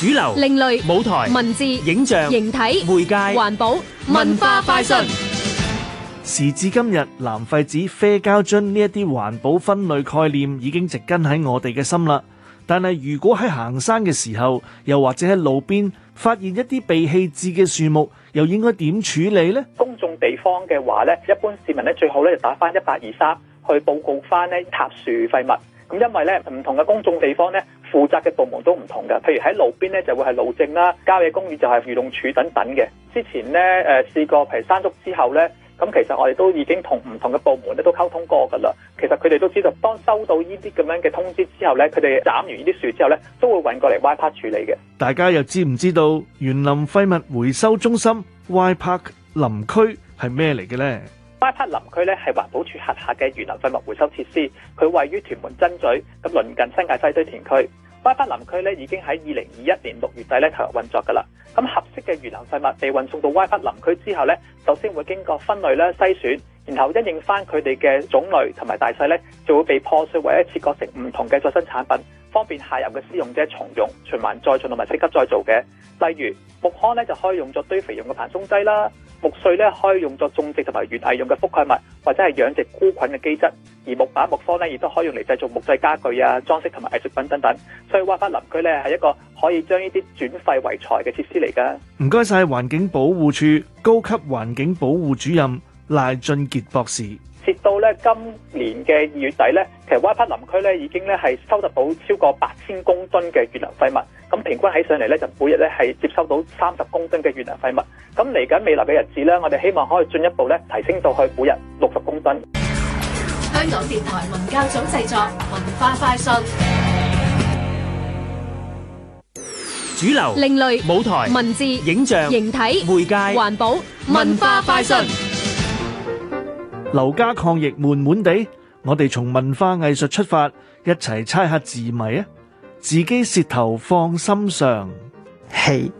主流、另類舞台、文字、影像、形體、媒介、環保、文化快訊。時至今日，藍廢紙、啡膠樽呢一啲環保分類概念已經植根喺我哋嘅心啦。但係如果喺行山嘅時候，又或者喺路邊發現一啲被棄置嘅樹木，又應該點處理呢？公眾地方嘅話呢，一般市民呢最好咧就打翻一八二三去報告翻呢塔樹廢物。咁因為呢唔同嘅公眾地方呢。負責嘅部門都唔同嘅，譬如喺路邊咧就會係路政啦，郊野公園就係漁農署等等嘅。之前咧誒、呃、試過，譬如山竹之後咧，咁其實我哋都已經同唔同嘅部門咧都溝通過嘅啦。其實佢哋都知道，當收到呢啲咁樣嘅通知之後咧，佢哋斬完呢啲樹之後咧，都會揾過嚟 Y Park 處理嘅。大家又知唔知道園林廢物回收中心 Y Park 林區係咩嚟嘅咧？Y 巴林區咧，係環保署轄下嘅園林廢物回收設施，佢位於屯門曾咀，咁鄰近新界西堆填區。Y 巴林區咧已經喺二零二一年六月底咧投入運作噶啦。咁合適嘅園林廢物被運送到 Y 巴林區之後咧，首先會經過分類咧、篩選，然後因應翻佢哋嘅種類同埋大細咧，就會被破碎或者切割成唔同嘅再生產品，方便下游嘅使用者重用、循環再進同埋升級再造嘅。例如木糠咧就可以用作堆肥用嘅膨鬆劑啦。木碎咧可以用作種植同埋園藝用嘅覆蓋物，或者係養殖菇菌嘅基質；而木板、木方咧亦都可以用嚟製造木製家具啊、裝飾同埋藝術品等等。所以挖翻林區咧係一個可以將呢啲轉廢為財嘅設施嚟噶。唔該晒，環境保護處高級環境保護主任。賴俊傑博士，截至到咧今年嘅二月底咧，其實 Y-PARK 林區咧已經咧係收集到超過八千公噸嘅園林廢物，咁平均起上嚟咧就每日咧係接收到三十公噸嘅園林廢物，咁嚟緊未來嘅日子咧，我哋希望可以進一步咧提升到去每日六十公噸。香港電台文教組製作文化快訊，主流、另類、舞台、文字、影像、形體、媒介、環保、文化快訊。劉家抗疫悶悶地，我哋從文化藝術出發，一齊猜一下字謎啊！自己舌頭放心上，嘿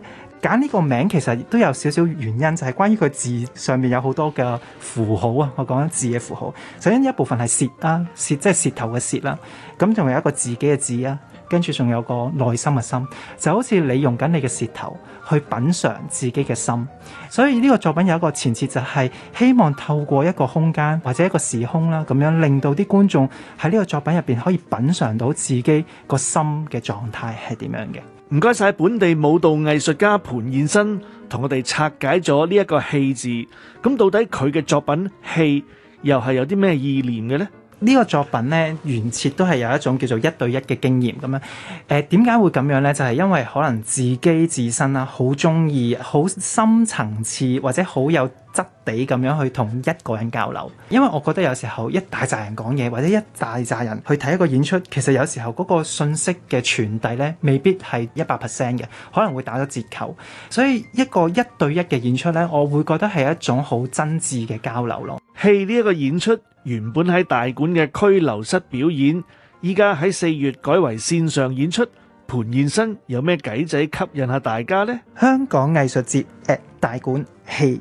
揀呢個名其實亦都有少少原因，就係、是、關於佢字上面有好多嘅符號啊！我講緊字嘅符號，首先一部分係舌啦，舌即係、就是、舌頭嘅舌啦，咁仲有一個自己嘅字啊。跟住仲有個內心嘅心，就好似你用緊你嘅舌頭去品嘗自己嘅心，所以呢個作品有一個前設就係希望透過一個空間或者一個時空啦，咁樣令到啲觀眾喺呢個作品入邊可以品嘗到自己個心嘅狀態係點樣嘅。唔該晒本地舞蹈藝術家盤燕生同我哋拆解咗呢一個戲字，咁到底佢嘅作品戲又係有啲咩意念嘅咧？呢個作品咧，原設都係有一種叫做一對一嘅經驗咁、呃、樣。誒，點解會咁樣咧？就係、是、因為可能自己自身啦，好鍾意，好深層次或者好有。質地咁樣去同一個人交流，因為我覺得有時候一大扎人講嘢，或者一大扎人去睇一個演出，其實有時候嗰個信息嘅傳遞咧，未必係一百 percent 嘅，可能會打咗折扣。所以一個一對一嘅演出咧，我會覺得係一種好真摯嘅交流咯。戲呢一個演出原本喺大館嘅拘留室表演，依家喺四月改為線上演出。盤現生有咩計仔吸引下大家呢？香港藝術節 at 大館戲。Hey.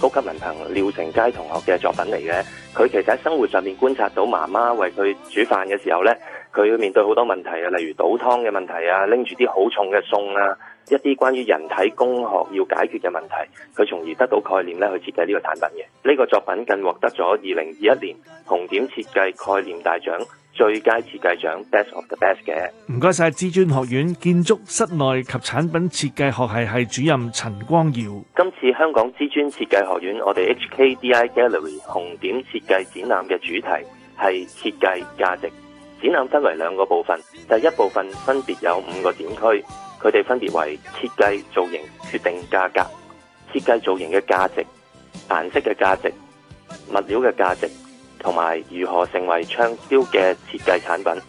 高級文憑廖成佳同學嘅作品嚟嘅，佢其實喺生活上面觀察到媽媽為佢煮飯嘅時候呢，佢要面對好多問題啊，例如倒湯嘅問題啊，拎住啲好重嘅餸啊，一啲關於人體工學要解決嘅問題，佢從而得到概念咧，去設計呢個產品嘅。呢個作品更獲得咗二零二一年紅點設計概念大獎。最佳設計獎 Best of the Best 嘅唔該晒。資專學院建築室內及產品設計學系系主任陳光耀。今次香港資專設計學院我哋 HKDI Gallery 紅點設計展覽嘅主題係設計價值。展覽分為兩個部分，第、就是、一部分分別有五個展區，佢哋分別為設計造型決定價格，設計造型嘅價值，顏色嘅價值，物料嘅價值。同埋如何成為暢銷嘅設計產品。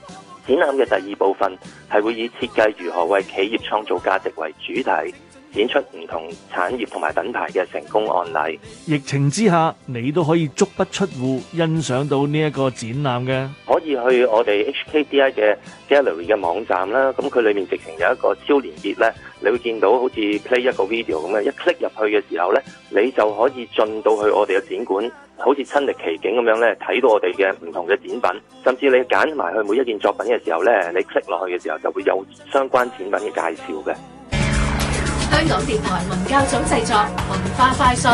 展覽嘅第二部分係會以設計如何為企業創造價值為主題。展出唔同產業同埋品牌嘅成功案例。疫情之下，你都可以足不出戶欣賞到呢一個展覽嘅。可以去我哋 HKDI 嘅 Gallery 嘅網站啦，咁佢裏面直情有一個超連結咧，你會見到好似 Play 一個 video 咁樣，一 click 入去嘅時候咧，你就可以進到去我哋嘅展館，好似親歷其境咁樣咧，睇到我哋嘅唔同嘅展品。甚至你揀埋去每一件作品嘅時候咧，你 click 落去嘅時候就會有相關展品嘅介紹嘅。香港電台文教組製作《文化快訊》。